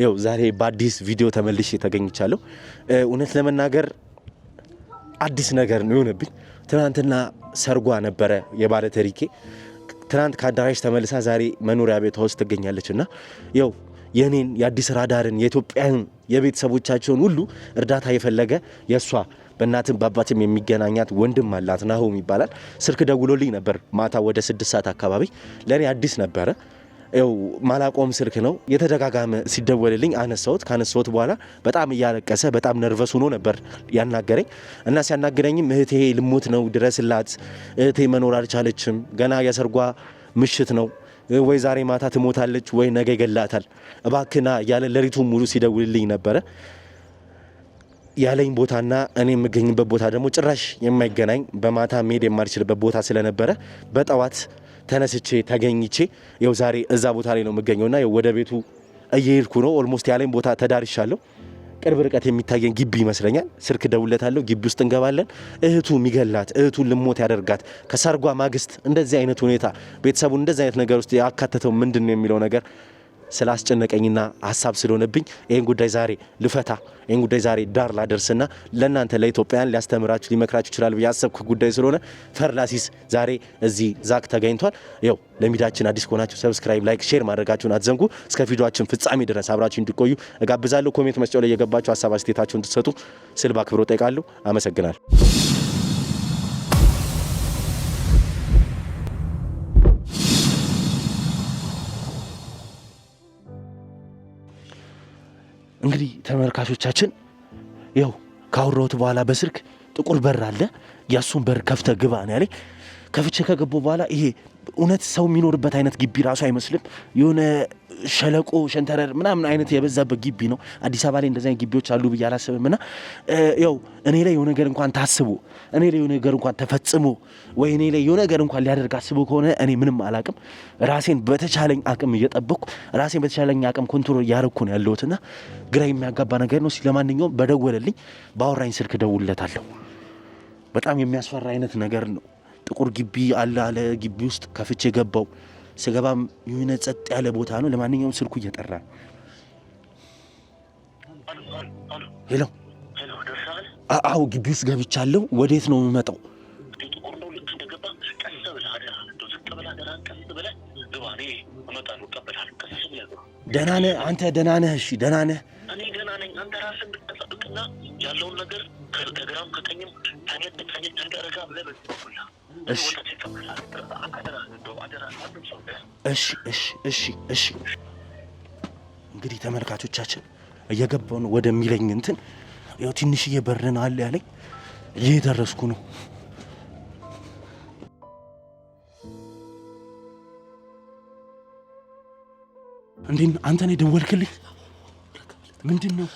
ይኸው ዛሬ በአዲስ ቪዲዮ ተመልሼ ተገኝቻለሁ። እውነት ለመናገር አዲስ ነገር ነው የሆነብኝ። ትናንትና ሰርጓ ነበረ የባለ ተሪኬ። ትናንት ከአዳራሽ ተመልሳ ዛሬ መኖሪያ ቤቷ ውስጥ ትገኛለች እና ይኸው የእኔን የአዲስ ራዳርን የኢትዮጵያን የቤተሰቦቻቸውን ሁሉ እርዳታ የፈለገ የእሷ በእናትም በአባትም የሚገናኛት ወንድም አላት ናሆም ይባላል። ስልክ ደውሎልኝ ነበር ማታ ወደ ስድስት ሰዓት አካባቢ ለእኔ አዲስ ነበረ። ው ማላቆም ስልክ ነው የተደጋጋመ ሲደወልልኝ አነሳሁት። ካነሳሁት በኋላ በጣም እያለቀሰ በጣም ነርቨስ ሆኖ ነበር ያናገረኝ እና ሲያናግረኝም እህቴ ልሞት ነው ድረስላት፣ እህቴ መኖር አልቻለችም፣ ገና የሰርጓ ምሽት ነው ወይ ዛሬ ማታ ትሞታለች ወይ ነገ ይገላታል፣ እባክና ያለ ሌሊቱን ሙሉ ሲደውልልኝ ነበረ። ያለኝ ቦታና እኔ የምገኝበት ቦታ ደግሞ ጭራሽ የማይገናኝ በማታ መሄድ የማልችልበት ቦታ ስለነበረ በጠዋት ተነስቼ ተገኝቼ ያው ዛሬ እዛ ቦታ ላይ ነው የምገኘውና ወደ ቤቱ እየሄድኩ ነው። ኦልሞስት ያለኝ ቦታ ተዳርሻለሁ። ቅርብ ርቀት የሚታየን ግቢ ይመስለኛል። ስልክ ደውለታለሁ። ግቢ ውስጥ እንገባለን። እህቱ የሚገላት እህቱ ልሞት ያደርጋት ከሰርጓ ማግስት እንደዚህ አይነት ሁኔታ ቤተሰቡን እንደዚህ አይነት ነገር ውስጥ ያካተተው ምንድን ነው የሚለው ነገር ስላስጨነቀኝና ሀሳብ ስለሆነብኝ ይህን ጉዳይ ዛሬ ልፈታ ይህን ጉዳይ ዛሬ ዳር ላደርስና ለእናንተ ለኢትዮጵያን ሊያስተምራችሁ ሊመክራችሁ ይችላል ብዬ አሰብኩ ጉዳይ ስለሆነ ፈርላሲስ ዛሬ እዚህ ዛክ ተገኝቷል። ው ለሚዲያችን አዲስ ከሆናችሁ ሰብስክራይብ፣ ላይክ፣ ሼር ማድረጋችሁን አትዘንጉ። እስከ ቪዲዮችን ፍጻሜ ድረስ አብራችሁ እንዲቆዩ እጋብዛለሁ። ኮሜንት መስጫው ላይ የገባችሁ ሀሳብ አስተያየታችሁን እንድትሰጡ ስል በአክብሮት ጠይቃለሁ። አመሰግናለሁ። እንግዲህ ተመልካቾቻችን ያው ካወራሁት በኋላ በስልክ ጥቁር በር አለ፣ ያሱን በር ከፍተ ግባ ነው ያለኝ። ከፍቼ ከገቡ በኋላ ይሄ እውነት ሰው የሚኖርበት አይነት ግቢ ራሱ አይመስልም። የሆነ ሸለቆ ሸንተረር ምናምን አይነት የበዛበት ግቢ ነው። አዲስ አበባ ላይ እንደዚ ግቢዎች አሉ ብዬ አላስብም። እና ያው እኔ ላይ የሆነ ነገር እንኳን ታስቦ እኔ ላይ የሆነ ነገር እንኳን ተፈጽሞ ወይ እኔ ላይ የሆነ ነገር እንኳን ሊያደርግ አስቦ ከሆነ እኔ ምንም አላቅም። ራሴን በተቻለኝ አቅም እየጠበቅኩ ራሴን በተቻለኝ አቅም ኮንትሮል እያደረግኩ ነው ያለሁት። ና ግራ የሚያጋባ ነገር ነው። ለማንኛውም በደወለልኝ በአወራኝ ስልክ ደውለታለሁ። በጣም የሚያስፈራ አይነት ነገር ነው። ጥቁር ግቢ አለ አለ ግቢ ውስጥ ከፍቼ ገባው። ስገባም የሆነ ጸጥ ያለ ቦታ ነው። ለማንኛውም ስልኩ እየጠራ ሄሎ፣ አዎ፣ ግቢ ውስጥ ገብቻለሁ። ወዴት ነው የምመጣው? ደህና ነህ አንተ? ደህና ነህ? እሺ፣ ደህና ነህ? እኔ ደህና ነኝ። አንተ ራስህ እንድትጠብቅና ያለውን ነገር ከግራም ከቀኝም ተኝት ተኝት ረጋ ብለህ እሺ እንግዲህ ተመልካቾቻችን እየገባን ወደሚለኝ እንትን ያው ትንሽዬ በርን አለ ያለኝ እየደረስኩ ነው። እንዴት አንተ ነው የደወልክልኝ? ምንድን ነው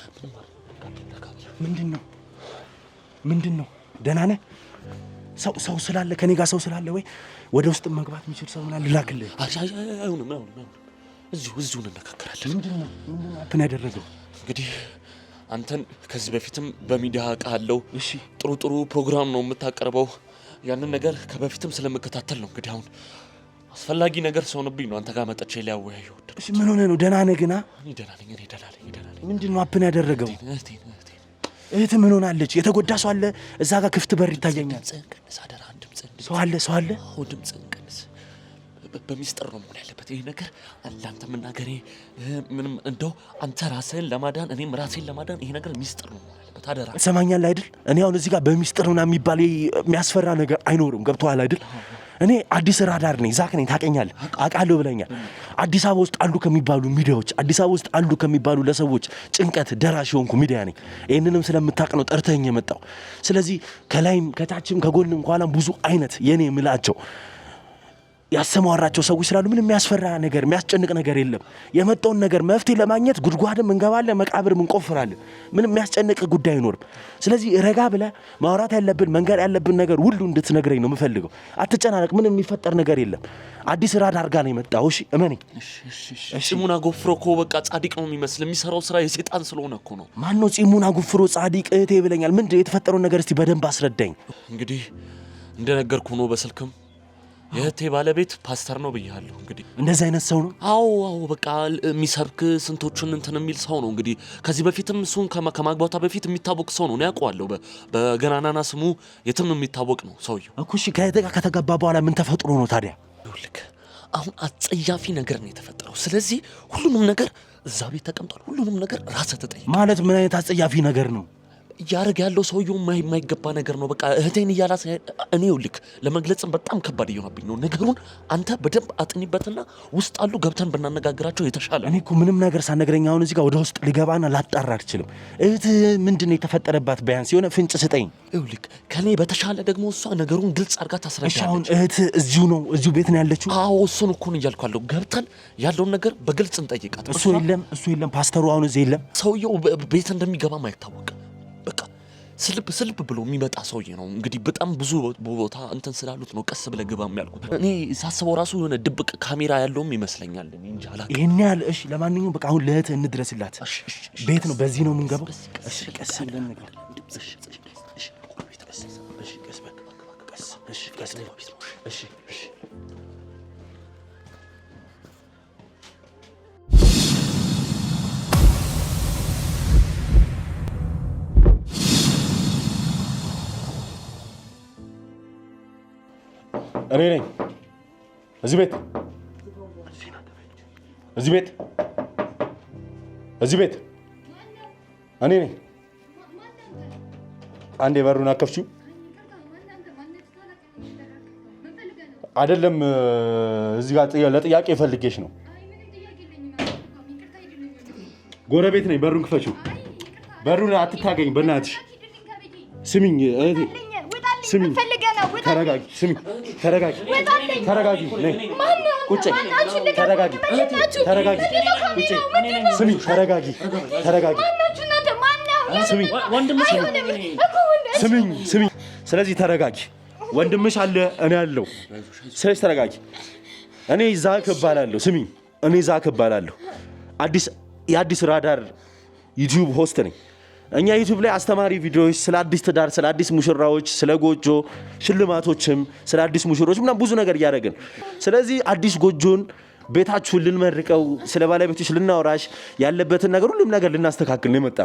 ምንድን ነው ምንድን ነው? ደህና ነህ? ሰው ሰው ስላለ ከኔ ጋር ሰው ስላለ ወይ ወደ ውስጥ መግባት የሚችል ሰው ምናምን ልላክልህ። አይሆንም፣ አይሆንም። እዚሁ እዚሁ እንነካከራለን። ምንድን ነው እንትን ያደረገው እንግዲህ አንተን ከዚህ በፊትም በሚዲያ እሺ፣ ጥሩ ጥሩ ፕሮግራም ነው የምታቀርበው። ያንን ነገር ከበፊትም ስለመከታተል ነው እንግዲህ አሁን አስፈላጊ ነገር ሲሆንብኝ ነው አንተ ጋር መጠቼ ሊያወያየው። ምን ሆነ ነው? ደህና ነህ ግና? ደህና ነኝ፣ ደህና ነኝ። ምንድን ነው አፕን ያደረገው? እህት ምን ሆናለች? የተጎዳ ሰው አለ? እዛ ጋር ክፍት በር ይታየኛል። ሰው አለ፣ ሰው አለ። ድምፅህን ቀንስ። በሚስጥር ነው መሆን ያለበት ይሄ ነገር። ለአንተ መናገሬ ምንም እንደው አንተ ራስህን ለማዳን እኔም ራሴን ለማዳን ይሄ ነገር ሚስጥር ነው መሆን ያለበት። አደራ፣ ሰማኛል አይደል? እኔ አሁን እዚህ ጋር በሚስጥር ምናምን የሚባል የሚያስፈራ ነገር አይኖርም። ገብቶሃል አይደል? እኔ አዲስ ራዳር ነኝ፣ ዛክ ነኝ፣ ታቀኛል፣ አውቃለሁ ብለኛል። አዲስ አበባ ውስጥ አሉ ከሚባሉ ሚዲያዎች፣ አዲስ አበባ ውስጥ አሉ ከሚባሉ ለሰዎች ጭንቀት ደራሽ የሆንኩ ሚዲያ ነኝ። ይህንንም ስለምታቅ ነው ጠርተኝ የመጣው። ስለዚህ ከላይም ከታችም ከጎንም ከኋላም ብዙ አይነት የኔ ምላቸው ያሰማራቸው ሰዎች ስላሉ ምንም የሚያስፈራ ነገር የሚያስጨንቅ ነገር የለም። የመጣውን ነገር መፍትሄ ለማግኘት ጉድጓድም እንገባለን፣ መቃብርም እንቆፍራለን። ምንም የሚያስጨንቅ ጉዳይ አይኖርም። ስለዚህ ረጋ ብለ ማውራት ያለብን መንገር ያለብን ነገር ሁሉ እንድትነግረኝ ነው የምፈልገው። አትጨናነቅ፣ ምንም የሚፈጠር ነገር የለም። አዲስ ራድ አርጋ ነው የመጣው። እሺ እመኔ ጺሙን አጎፍሮ እኮ በቃ ጻድቅ ነው የሚመስል የሚሰራው ስራ የሴጣን ስለሆነ እኮ ነው። ማን ነው ጺሙን አጎፍሮ ጻድቅ እህቴ ብለኛል። ምንድን የተፈጠረውን ነገር እስቲ በደንብ አስረዳኝ። እንግዲህ እንደነገርኩ ነው በስልክም የእህቴ ባለቤት ፓስተር ነው ብያለሁ። እንግዲህ እንደዚህ አይነት ሰው ነው። አዎ አዎ፣ በቃ የሚሰብክ ስንቶቹን እንትን የሚል ሰው ነው። እንግዲህ ከዚህ በፊትም እሱን ከማግባቷ በፊት የሚታወቅ ሰው ነው። ያውቀዋለሁ። በገናናና ስሙ የትም የሚታወቅ ነው ሰውየው እኩሽ እሺ፣ ከተገባ በኋላ ምን ተፈጥሮ ነው ታዲያ? ይኸውልህ አሁን አጸያፊ ነገር ነው የተፈጠረው። ስለዚህ ሁሉንም ነገር እዛ ቤት ተቀምጧል። ሁሉንም ነገር ራስህ ተጠይቅ። ማለት ምን አይነት አጸያፊ ነገር ነው? እያደረገ ያለው ሰውየው የማይገባ ነገር ነው። በቃ እህቴን እያላ እኔ ውልክ ለመግለጽም በጣም ከባድ እየሆነብኝ ነው። ነገሩን አንተ በደንብ አጥኒበትና ውስጥ አሉ ገብተን ብናነጋግራቸው የተሻለ። እኔ እኮ ምንም ነገር ሳነግረኝ አሁን እዚህ ጋር ወደ ውስጥ ልገባና ላጣራ አልችልም። እህት ምንድን ነው የተፈጠረባት? ቢያንስ የሆነ ፍንጭ ስጠኝ። ይውልክ ከኔ በተሻለ ደግሞ እሷ ነገሩን ግልጽ አድርጋ ታስረዳለች። አሁን እህት እዚሁ ነው እዚሁ ቤት ነው ያለችው? አዎ እሱን እኮን እያልኩ ገብተን ያለውን ነገር በግልጽ እንጠይቃት። እሱ የለም እሱ የለም ፓስተሩ አሁን እዚህ የለም። ሰውየው ቤት እንደሚገባም አይታወቅም። ስልብ ስልብ ብሎ የሚመጣ ሰውዬ ነው። እንግዲህ በጣም ብዙ ቦታ እንትን ስላሉት ነው ቀስ ብለ ግባ ያልኩት። እኔ ሳስበው ራሱ የሆነ ድብቅ ካሜራ ያለውም ይመስለኛል። ይህን ያህል እሺ። ለማንኛውም በቃ አሁን ለእህት እንድረስላት። ቤት ነው፣ በዚህ ነው የምንገባው። ቀስ ብለን ቀስ እኔ ነኝ። እዚህ ቤት እዚህ ቤት እዚህ ቤት እኔ ነኝ። አንዴ በሩን አከፍችው። አይደለም እዚህ ጋር ለጥያቄ ፈልጌሽ ነው። ጎረቤት ነኝ። በሩን ክፈችው። በሩን አትታገኝ። በእናትሽ ስሚኝ፣ ስሚኝ ተረጋጊ፣ ስሚ፣ ተረጋጊ፣ ተረጋጊ፣ ቁጭ፣ ተረጋጊ፣ ተረጋጊ፣ ስሚ፣ ተረጋጊ፣ ተረጋጊ፣ ስለዚህ ተረጋጊ። ወንድምሽ አለ፣ እኔ አለው። ስለዚህ ተረጋጊ። እኔ ዛክ እባላለሁ። ስሚ፣ እኔ ዛክ እባላለሁ። አዲስ የአዲስ ራዳር ዩቲዩብ ሆስት ነኝ። እኛ ዩቲዩብ ላይ አስተማሪ ቪዲዮዎች ስለ አዲስ ትዳር፣ ስለ አዲስ ሙሽራዎች፣ ስለ ጎጆ ሽልማቶችም፣ ስለ አዲስ ሙሽሮች ምናምን ብዙ ነገር እያደረግን ስለዚህ አዲስ ጎጆን ቤታችሁን ልንመርቀው ስለ ባለቤቶች ልናወራሽ ያለበትን ነገር ሁሉም ነገር ልናስተካክል ነው የመጣ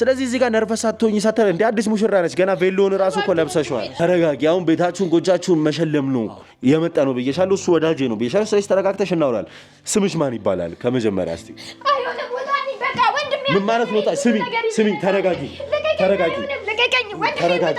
ስለዚህ እዚህ ጋር ነርቨስ አትሆኝ ሳተ እንደ አዲስ ሙሽራ ነች። ገና ቬሎን ራሱ እኮ ለብሰሸዋል። ተረጋጊ። አሁን ቤታችሁን ጎጃችሁን መሸለም ነው የመጣ ነው ብዬሻለሁ። እሱ ወዳጄ ነው ብዬሻለሁ። ስለዚህ ተረጋግተሽ እናውራል። ስምሽ ማን ይባላል? ከመጀመሪያ እስኪ ምን ማለት ነው? ስሚ ስሚ፣ ተረጋጊ፣ ተረጋጊ፣ ተረጋጊ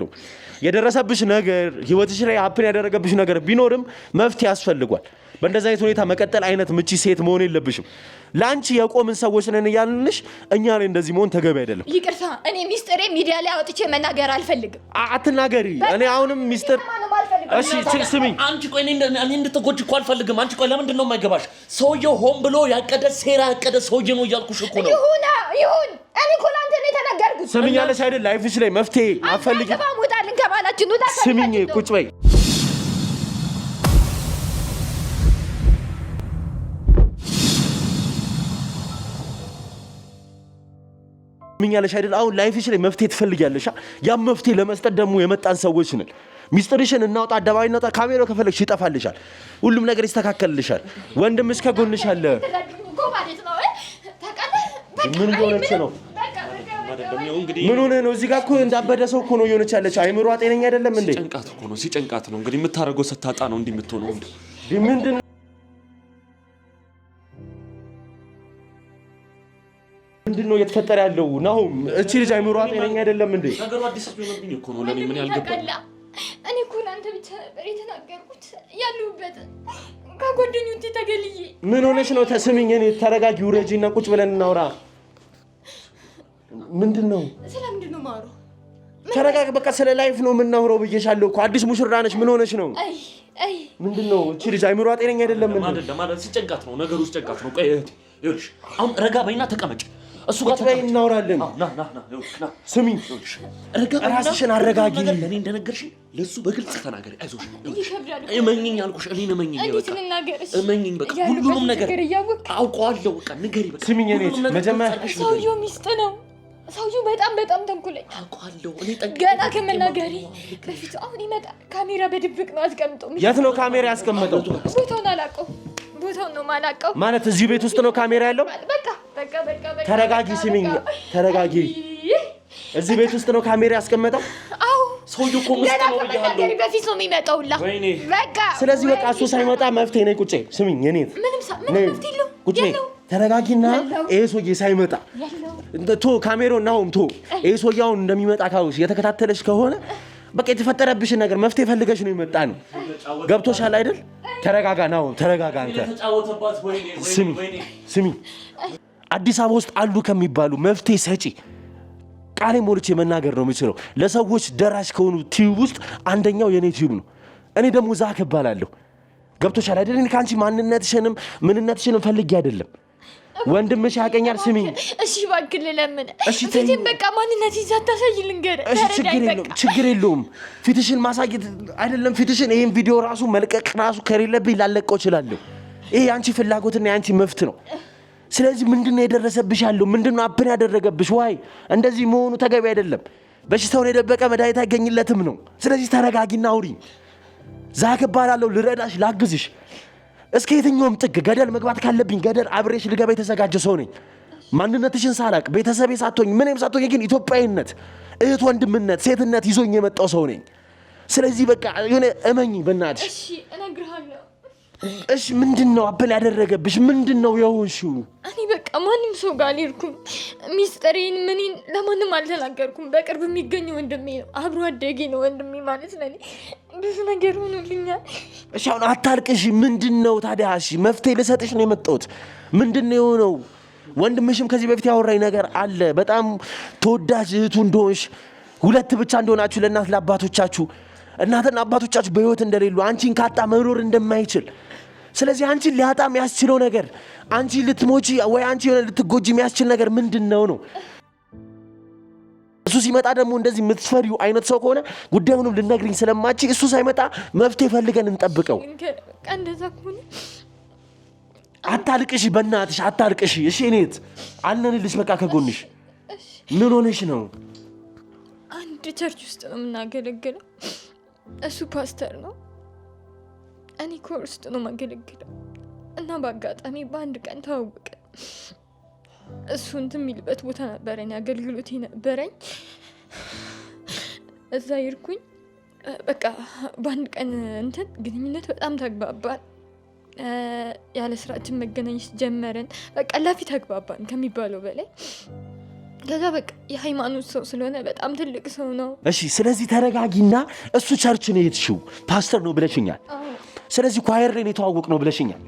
የለውም። የደረሰብሽ ነገር ህይወትሽ ላይ ሀፕን ያደረገብሽ ነገር ቢኖርም መፍትሄ ያስፈልጓል። በእንደዚ አይነት ሁኔታ መቀጠል አይነት ምቺ ሴት መሆን የለብሽም። ለአንቺ የቆምን ሰዎች ነን እያልንሽ እኛ ላይ እንደዚህ መሆን ተገቢ አይደለም። ይቅርታ፣ እኔ ሚስጥሬ ሚዲያ ላይ አውጥቼ መናገር አልፈልግም። አትናገሪ። እኔ አሁንም ሚስጥር ስሚኝ። አንቺ ቆይ እኔ እንድትጎጂ እኮ አልፈልግም። አንቺ ቆይ ለምንድን ነው የማይገባሽ? ሰውየው ሆን ብሎ ያቀደ ሴራ ያቀደ ሰውዬ ነው እያልኩሽ እኮ ነው። ይሁን ይሁን እኔ እኮ ለአንተ ነው የተናገርኩት። ስሚኛለሽ አይደል? ላይፍሽ ላይ መፍትሄ አፈልጊ። ውጣልን ከባላችን ውጣ። ስሚኝ፣ ቁጭ በይ። ስሚኛለሽ አይደል? አሁን ላይፍሽ ላይ መፍትሄ ትፈልጊያለሽ። ያ መፍትሄ ለመስጠት ደግሞ የመጣን ሰዎች ነን። ሚስጥርሽን እናውጣ፣ አደባባይ እናውጣ። ካሜራው ከፈለግሽ ይጠፋልሻል፣ ሁሉም ነገር ይስተካከልልሻል። ወንድምሽ ከጎንሽ አለ። ምን ሆነች ነው ምን ሆነ ነው? እዚህ ጋር እኮ እንዳበደ ሰው እኮ ነው እየሆነች ያለች። አይምሯ ጤነኛ አይደለም እንዴ? ሲጨንቃት እኮ ነው ሲጨንቃት ነው እንግዲህ የምታደርገው ስታጣ ነው እንዲህ የምትሆነው። ምንድን ምንድን ነው እየተፈጠረ ያለው ናሁም? እቺ ልጅ አይምሯ ጤነኛ አይደለም እንዴ? ነገሩ አዲስ ሆነብኝ እኮ ነው ለኔ ምን ያልገባኝ እኔ እኮ ለአንተ ብቻ ነበር የተናገርኩት ያለሁበት ከጓደኞቼ ተገልዬ። ምን ሆነሽ ነው? ተስሚኝ ተረጋጊ፣ ውረጂ እና ቁጭ ብለን እናውራ ምንድን ነው? ስለምንድን ነው ማሩ? ተረጋግ። በቃ ስለ ላይፍ ነው የምናወራው ብዬሻለሁ እኮ። አዲስ ሙሽራ ነሽ። ምን ሆነሽ ነው? ምንድን ነው? እቺ ልጅ አይምሯ ጤነኛ አይደለም። ሲጨንቃት ነው ነገሩ፣ ሲጨንቃት ነው። ቆይ እህቴ፣ ይኸውልሽ አሁን ረጋ በይና ተቀመጭ። እሱ ጋር ተቀመጭ፣ እናወራለን። ስሚ፣ ራስሽን አረጋጊ። ለእኔ እንደነገርሽ ለሱ በግልጽ ተናገሪ። አይዞሽ፣ እመኝኝ አልኩሽ። እኔን እመኝኝ፣ እመኝኝ። በቃ ሁሉንም ነገር አውቀዋለሁ። በቃ ንገሪ። በቃ ስሚኝ፣ እኔ መጀመሪያ ሰውየው ሚስጥ ነው ሰውዬው በጣም በጣም ተንኩለኝ አውቀዋለሁ። ገና ከመናገሪ በፊት አሁን ይመጣል። ካሜራ በድብቅ ነው አስቀምጠው። የት ነው ካሜራ ያስቀመጠው? ቦታውን አላውቀው። ቦታውን ነው የማላውቀው። ማለት እዚሁ ቤት ውስጥ ነው ካሜራ ያለው? በቃ በቃ በቃ። ተረጋጊ፣ ስሚኝ፣ ተረጋጊ። እዚህ ቤት ውስጥ ነው ካሜራ ያስቀመጠው? አዎ። ሰውዬው እኮ ገና ከመናገሬ በፊት ነው የሚመጣው። ላ በቃ። ስለዚህ በቃ እሱ ሳይመጣ መፍትሄ ነኝ። ቁጭ ስሚኝ፣ የኔ ምንም መፍትሄ የለውም። ቁጭ ተረጋጊና ይሄ ሰውዬ ሳይመጣ ቶ ካሜሮን ናሆም ቶ ይሄ ሰውዬ አሁን እንደሚመጣ ካውስ የተከታተለች ከሆነ በቃ የተፈጠረብሽን ነገር መፍትሄ ፈልገሽ ነው የመጣ ነው። ገብቶሻል አይደል? ተረጋጋ ናሆም ተረጋጋ። አንተ ስሚ ስሚ፣ አዲስ አበባ ውስጥ አሉ ከሚባሉ መፍትሄ ሰጪ ቃሌ ሞልቼ መናገር ነው የምችለው ለሰዎች ደራሽ ከሆኑ ቲዩብ ውስጥ አንደኛው የኔ ቲዩብ ነው። እኔ ደግሞ ዛክ እባላለሁ። ገብቶሻል አይደል? ከአንቺ ማንነትሽንም ምንነትሽንም ፈልጌ አይደለም ወንድምሽ ያቀኛል። ስሚ፣ እሺ፣ እባክህ ልለምን። እሺ፣ ፊቴን በቃ ማንነት ይዛታሳይ ልንገር። እሺ፣ ችግር የለውም፣ ችግር የለውም። ፊትሽን ማሳየት አይደለም ፊትሽን፣ ይሄን ቪዲዮ ራሱ መልቀቅ ራሱ ከሌለብኝ ላለቀው እችላለሁ። ይሄ የአንቺ ፍላጎትና የአንቺ መፍት ነው። ስለዚህ ምንድነው የደረሰብሽ ያለው? ምንድነው አብን ያደረገብሽ? ዋይ እንደዚህ መሆኑ ተገቢ አይደለም። በሽታውን የደበቀ መድኃኒት አይገኝለትም ነው። ስለዚህ ተረጋጊና አውሪ። ዛክ እባላለሁ፣ ልረዳሽ፣ ላግዝሽ እስከ የትኛውም ጥግ ገደል መግባት ካለብኝ ገደል አብሬሽ ልገባ የተዘጋጀ ሰው ነኝ። ማንነትሽን ሳላቅ ቤተሰቤ ሳቶኝ ምንም ሳቶኝ ግን ኢትዮጵያዊነት፣ እህት ወንድምነት፣ ሴትነት ይዞኝ የመጣው ሰው ነኝ። ስለዚህ በቃ የሆነ እመኝ በናትሽ እሺ፣ ምንድን ነው አበል ያደረገብሽ? ምንድን ነው የሆንሽው? እኔ በቃ ማንም ሰው ጋር አልሄድኩም። ሚስጥሬን ምኔን ለማንም አልተናገርኩም። በቅርብ የሚገኝ ወንድሜ ነው፣ አብሮ አደጌ ነው ወንድሜ ማለት ነው። ብዙ ነገር ሆኖልኛል። እሺ፣ አሁን አታልቅሽ። ምንድን ነው ታዲያ? እሺ፣ መፍትሄ ልሰጥሽ ነው የመጣሁት። ምንድን ነው የሆነው? ወንድምሽም ከዚህ በፊት ያወራኝ ነገር አለ። በጣም ተወዳጅ እህቱ እንደሆንሽ ሁለት ብቻ እንደሆናችሁ ለእናት ለአባቶቻችሁ እናትና አባቶቻችሁ በህይወት እንደሌሉ አንቺን ካጣ መኖር እንደማይችል ስለዚህ አንቺ ሊያጣ የሚያስችለው ነገር አንቺ ልትሞጂ ወይ አንቺ የሆነ ልትጎጂ የሚያስችል ነገር ምንድን ነው ነው እሱ ሲመጣ ደግሞ እንደዚህ የምትፈሪው አይነት ሰው ከሆነ ጉዳዩንም ልነግርኝ ስለማች እሱ ሳይመጣ መፍትሄ ፈልገን እንጠብቀው። አታልቅሽ፣ በእናትሽ አታልቅሽ። እሺ እኔት አለንልሽ፣ በቃ ከጎንሽ። ምን ሆነሽ ነው? አንድ ቸርች ውስጥ ነው የምናገለግለው። እሱ ፓስተር ነው። እኔ ኮር ውስጥ ነው ማገለግለው እና በአጋጣሚ በአንድ ቀን ተዋወቅን። እሱ እንትን የሚልበት ቦታ ነበረኝ፣ አገልግሎት ነበረኝ። እዛ ይርኩኝ በቃ በአንድ ቀን እንትን ግንኙነት በጣም ተግባባን። ያለ ስራችን መገናኘት ጀመረን። በቃ ላፊ ተግባባን ከሚባለው በላይ ከዛ በቃ የሃይማኖት ሰው ስለሆነ በጣም ትልቅ ሰው ነው። እሺ፣ ስለዚህ ተረጋጊና እሱ ቸርች ነው የትሽው ፓስተር ነው ብለሽኛል። ስለዚህ ኳየር ላይ የተዋወቅ ነው ብለሽኛል።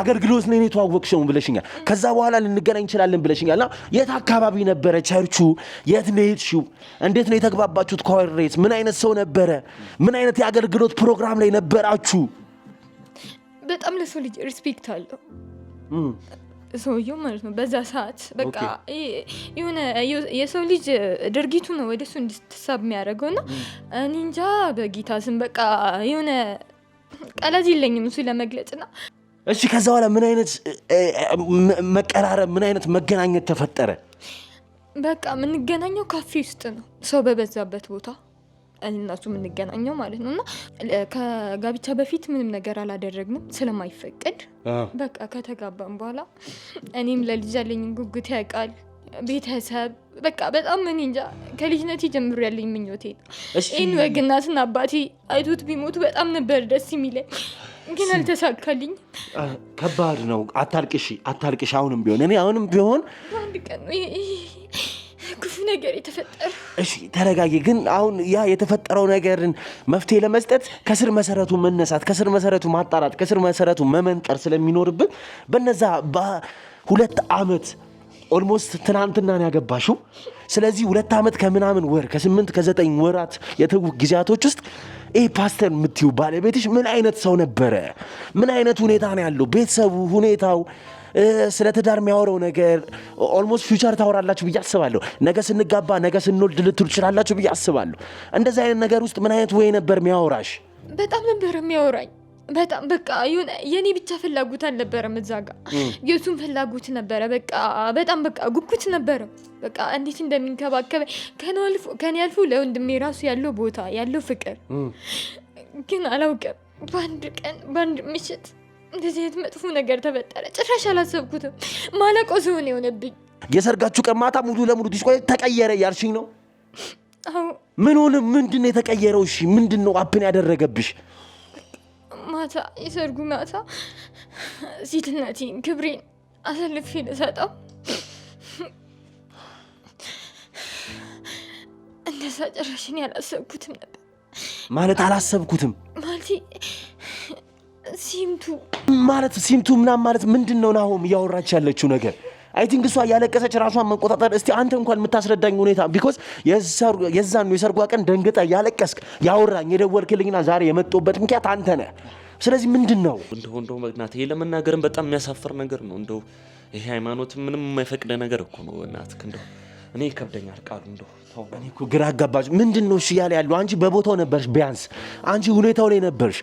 አገልግሎት ላይ የተዋወቅሽ ነው ብለሽኛል። ከዛ በኋላ ልንገናኝ እንችላለን ብለሽኛል። ና የት አካባቢ ነበረ ቸርቹ? የት ነው የሄድሽው? እንዴት ነው የተግባባችሁት? ኳየር ሬት ምን አይነት ሰው ነበረ? ምን አይነት የአገልግሎት ፕሮግራም ላይ ነበራችሁ? በጣም ለሰው ልጅ ሪስፔክት አለው ሰውየው ማለት ነው። በዛ ሰዓት በቃ የሆነ የሰው ልጅ ድርጊቱ ነው ወደሱ እንድትሳብ የሚያደርገው ና እኔ እንጃ በጌታ ስም በቃ የሆነ ቀለዝ የለኝም እሱ ና እሺ፣ ከዛ በኋላ ምን አይነት መቀራረብ፣ ምን አይነት መገናኘት ተፈጠረ? በቃ የምንገናኘው ካፌ ውስጥ ነው፣ ሰው በበዛበት ቦታ እነሱ የምንገናኘው ማለት ነው። እና ከጋብቻ በፊት ምንም ነገር አላደረግንም ስለማይፈቀድ። በቃ ከተጋባም በኋላ እኔም ለልጅ ያለኝን ጉጉት ያውቃል ቤተሰብ በቃ በጣም ምን እንጃ ከልጅነቴ ጀምሮ ያለኝ ምኞቴ ነው። ይህን ወግ እናትና አባቴ አይቶት ቢሞቱ በጣም ነበር ደስ የሚለኝ፣ ግን አልተሳካልኝ። ከባድ ነው። አታልቅሽ፣ አታልቅሽ። አሁንም ቢሆን እኔ አሁንም ቢሆን አንድ ቀን ክፉ ነገር የተፈጠረ። እሺ ተረጋጊ። ግን አሁን ያ የተፈጠረው ነገርን መፍትሄ ለመስጠት ከስር መሰረቱ መነሳት፣ ከስር መሰረቱ ማጣራት፣ ከስር መሰረቱ መመንጠር ስለሚኖርብን በነዛ በሁለት አመት ኦልሞስት ትናንትና ያገባሹ። ስለዚህ ሁለት ዓመት ከምናምን ወር ከስምንት ከዘጠኝ ወራት የትውውቅ ጊዜያቶች ውስጥ ይህ ፓስተር የምትዩ ባለቤትሽ ምን አይነት ሰው ነበረ? ምን አይነት ሁኔታ ነው ያለው? ቤተሰቡ፣ ሁኔታው፣ ስለ ትዳር የሚያወረው ነገር ኦልሞስት ፊውቸር ታወራላችሁ ብዬ አስባለሁ። ነገ ስንጋባ፣ ነገ ስንወልድ ልትሉ ትችላላችሁ ብዬ አስባለሁ። እንደዚህ አይነት ነገር ውስጥ ምን አይነት ወይ ነበር የሚያወራሽ? በጣም ነበር የሚያወራኝ በጣም በቃ የሆነ የኔ ብቻ ፍላጎት አልነበረም። እዛ ጋ የሱም ፍላጎት ነበረ። በቃ በጣም በቃ ጉጉት ነበረ። በቃ እንዴት እንደሚንከባከበ ከኔ አልፎ ለወንድሜ ራሱ ያለው ቦታ ያለው ፍቅር ግን አላውቅም። በአንድ ቀን በአንድ ምሽት እንደዚህ አይነት መጥፎ ነገር ተፈጠረ። ጭራሽ አላሰብኩትም። ማለቆ ሲሆን የሆነብኝ የሰርጋችሁ ቀን ማታ ሙሉ ለሙሉ ዲስኮ ተቀየረ እያልሽኝ ነው። ምን ሆነ? ምንድን ነው የተቀየረው? እሺ ምንድን ነው አፕን ያደረገብሽ? ማታ የሰርጉ ማታ ሴትነቴን ክብሬን አሳልፌ ልሰጠው እንደዛ ጭራሽን ያላሰብኩትም ነበር። ማለት አላሰብኩትም ማለት ሲምቱ ማለት ሲምቱ ምናምን ማለት ምንድን ነው? ናሆም እያወራች ያለችው ነገር አይ ቲንክ እሷ ያለቀሰች ራሷን መቆጣጠር። እስቲ አንተ እንኳን የምታስረዳኝ ሁኔታ ቢኮዝ የዛኑ የሰርጓ ቀን ደንግጠ ያለቀስክ ያወራኝ የደወልክልኝና ዛሬ የመጡበት ምክንያት አንተ ነህ። ስለዚህ ምንድን ነው እንደው እንደው መግናት ይሄ ለመናገርም በጣም የሚያሳፍር ነገር ነው። እንደው ይሄ ሃይማኖት ምንም የማይፈቅደ ነገር እኮ ነው። እናትህ እንደው እኔ ይከብደኛል ቃሉ እንደው እኔ እኮ ግራ አጋባጭ ምንድን ነው እሺ እያለ ያለው አንቺ በቦታው ነበርሽ፣ ቢያንስ አንቺ ሁኔታው ላይ ነበርሽ።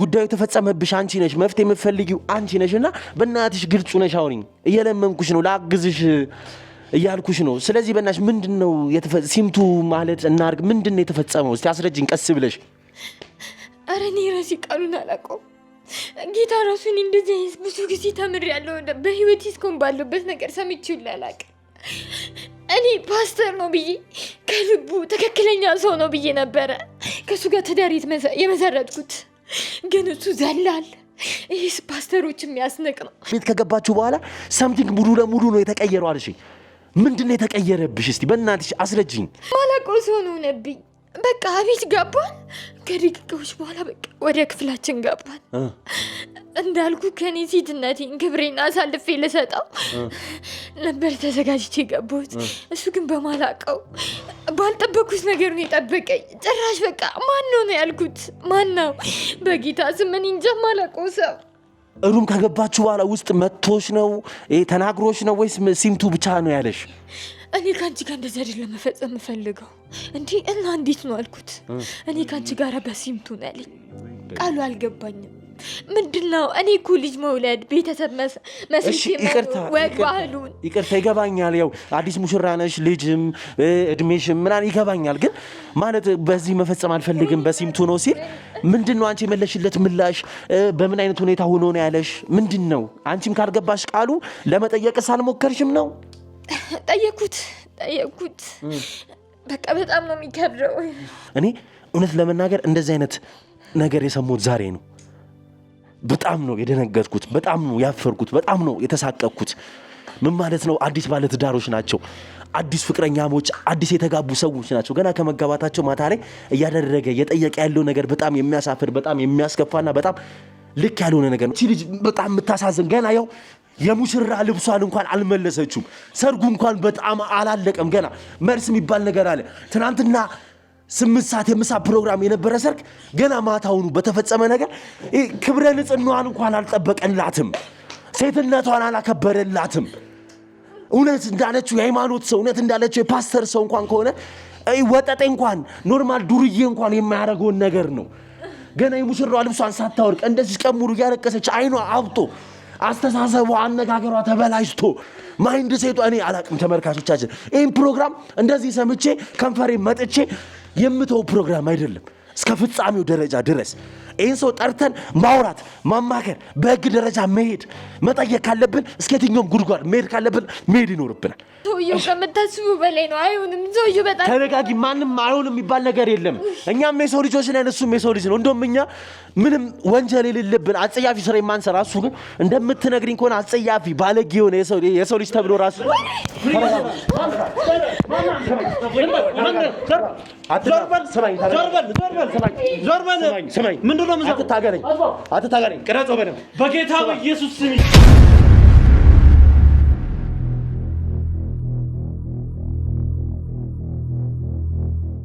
ጉዳዩ የተፈጸመብሽ አንቺ ነሽ፣ መፍትሄ የምትፈልጊው አንቺ ነሽ። እና በእናትሽ ግልጹ ነሽ። አሁን እየለመንኩሽ ነው፣ ላግዝሽ እያልኩሽ ነው። ስለዚህ በእናትሽ ምንድን ነው ሲምቱ ማለት እናርግ ምንድን ነው የተፈጸመው? እስቲ አስረጅኝ ቀስ ብለሽ ኧረ እኔ ራሴ ቃሉን አላውቀውም። ጌታ ራሱ እኔ እንደዚህ አይነት ብዙ ጊዜ ተምሬያለሁ። በህይወቴ እስካሁን ባለሁበት ነገር ሰምቼው አላውቅም። እኔ ፓስተር ነው ብዬ ከልቡ ትክክለኛ ሰው ነው ብዬ ነበረ ከእሱ ጋር ትዳር የመሰረትኩት፣ ግን እሱ ዘላል። ይህ ፓስተሮች የሚያስነቅ ነው። ቤት ከገባችሁ በኋላ ሳምቲንግ ሙሉ ለሙሉ ነው የተቀየረው አልሽኝ። ምንድን ነው የተቀየረብሽ? እስቲ በእናትሽ አስረጅኝ። ባላውቀው ሰው ነው ሆነብኝ። በቃ አቤት ገባን። ከደቂቃዎች በኋላ በቃ ወደ ክፍላችን ገባን። እንዳልኩ ከኔ ሴትነቴን ክብሬን አሳልፌ ልሰጠው ነበር ተዘጋጅቼ የገባሁት። እሱ ግን በማላቀው ባልጠበኩት ነገር ነው የጠበቀኝ። ጭራሽ በቃ ማን ነው ነው ያልኩት። ማን ነው በጌታ ስምን እንጃ ማላቀው ሰው። ሩም ከገባችሁ በኋላ ውስጥ መቶሽ ነው ተናግሮሽ ነው ወይስ ሲምቱ ብቻ ነው ያለሽ? እኔ ከአንቺ ጋር እንደዚህ አይደለም መፈጸም የምፈልገው። እንዴ እና እንዴት ነው አልኩት። እኔ ከአንቺ ጋር በሲምቱ ነው ያለኝ። ቃሉ አልገባኝም። ምንድን ነው እኔ እኮ ልጅ መውለድ ቤተሰብ መስወግ ይቅርታ፣ ይገባኛል። ያው አዲስ ሙሽራ ነሽ፣ ልጅም እድሜሽም ምናምን ይገባኛል። ግን ማለት በዚህ መፈጸም አልፈልግም በሲምቱ ነው ሲል ምንድን ነው አንቺ የመለሽለት ምላሽ? በምን አይነት ሁኔታ ሆኖ ነው ያለሽ? ምንድን ነው አንቺም ካልገባሽ ቃሉ ለመጠየቅስ አልሞከርሽም ነው ጠየኩት ጠየኩት። በቃ በጣም ነው የሚከብደው። እኔ እውነት ለመናገር እንደዚህ አይነት ነገር የሰሞት ዛሬ ነው። በጣም ነው የደነገጥኩት፣ በጣም ነው ያፈርኩት፣ በጣም ነው የተሳቀቅኩት። ምን ማለት ነው? አዲስ ባለትዳሮች ናቸው፣ አዲስ ፍቅረኛሞች፣ አዲስ የተጋቡ ሰዎች ናቸው። ገና ከመጋባታቸው ማታ ላይ እያደረገ እየጠየቀ ያለው ነገር በጣም የሚያሳፍር፣ በጣም የሚያስከፋና በጣም ልክ ያልሆነ ነገር ነው። ልጅ በጣም የምታሳዝን ገና ያው የሙሽራ ልብሷን እንኳን አልመለሰችም። ሰርጉ እንኳን በጣም አላለቀም። ገና መልስ የሚባል ነገር አለ። ትናንትና ስምንት ሰዓት የምሳ ፕሮግራም የነበረ ሰርግ ገና ማታውኑ በተፈጸመ ነገር ክብረ ንጽህናዋን እንኳን አልጠበቀላትም። ሴትነቷን አላከበረላትም። እውነት እንዳለችው የሃይማኖት ሰው እውነት እንዳለችው የፓስተር ሰው እንኳን ከሆነ ወጠጤ እንኳን ኖርማል ዱርዬ እንኳን የማያደርገውን ነገር ነው። ገና የሙሽራዋ ልብሷን ሳታወርቅ እንደዚህ ቀሙሩ እያለቀሰች አይኗ አብጦ አስተሳሰቧ፣ አነጋገሯ ተበላሽቶ ማይንድ ሴቷ እኔ አላቅም። ተመልካቾቻችን ይህን ፕሮግራም እንደዚህ ሰምቼ ከንፈሬ መጥቼ የምተው ፕሮግራም አይደለም። እስከ ፍጻሜው ደረጃ ድረስ ይህን ሰው ጠርተን ማውራት፣ ማማከር፣ በህግ ደረጃ መሄድ፣ መጠየቅ ካለብን እስከ የትኛውም ጉድጓድ መሄድ ካለብን መሄድ ይኖርብናል። ሰውየው ከምታስቡ በላይ ነው። አይሆንም። በጣም ማንም አይሆን የሚባል ነገር የለም። እኛም የሰው ልጆች ነን፣ እሱም የሰው ልጅ ነው። እንደውም እኛ ምንም ወንጀል የሌለብን አጸያፊ ስራ የማንሰራ እሱ ግን እንደምትነግሪኝ ከሆነ አጸያፊ ባለጌ የሆነ የሰው ልጅ ተብሎ ራሱ ምንድነው? ቅረጾ አትታገለኝ። በጌታ በኢየሱስ ስም